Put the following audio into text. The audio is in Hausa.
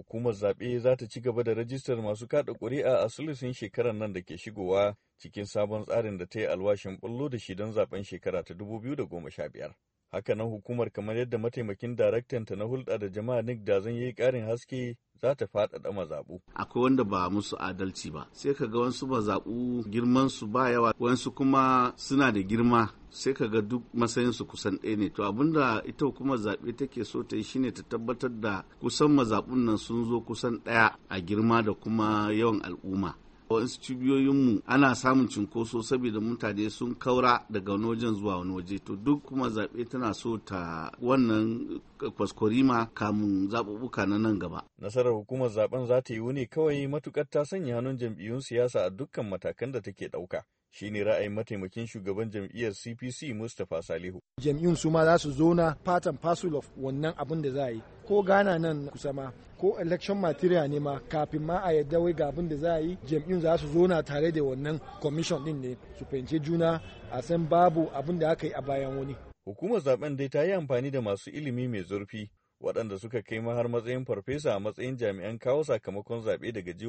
Hukumar zaɓe za ta ci gaba da rajistar masu kaɗa ƙuri'a a sulusin shekarar nan da ke shigowa cikin sabon tsarin da ta yi alwashin bullo da shi don zaɓen shekara ta 2015. Haka nan hukumar kamar yadda mataimakin daraktanta na hulɗa da jama'a Nick Dazan ya yi ƙarin haske za ta faɗaɗa mazaɓu. Akwai wanda ba musu adalci ba, sai ka ga wasu mazaɓu girmansu ba yawa, wasu kuma suna da girma sai ka ga duk matsayinsu kusan ɗaya ne to da ita kuma zaɓe take so ta yi shine ta tabbatar da kusan mazaɓun nan sun zo kusan ɗaya a girma da kuma yawan al'umma wasu cibiyoyinmu ana samun cinkoso saboda mutane sun kaura daga wani wajen zuwa wani waje to duk kuma zaɓe tana so ta wannan kwaskwarima kamun zaɓuɓɓuka na nan gaba. Nasarar hukumar zaben za ta yiwu ne kawai matukar ta sanya hannun jam'iyyun siyasa a dukkan matakan da take ɗauka. shi ne ra'ayin mataimakin shugaban jam'iyyar cpc mustapha salihu jam'iyyun su ma za su zo na fatan fasul of wannan abin da za a yi ko gana nan kusa ma ko election material ne ma kafin ma a yadda wai ga abin da za a yi jam'in za su zo na tare da wannan commission din ne su fahimci juna a san babu abin da aka yi a bayan wani hukumar zaben dai ta yi amfani da masu ilimi mai zurfi waɗanda suka kai ma har matsayin farfesa a matsayin jami'an kawo sakamakon zaɓe daga jihohi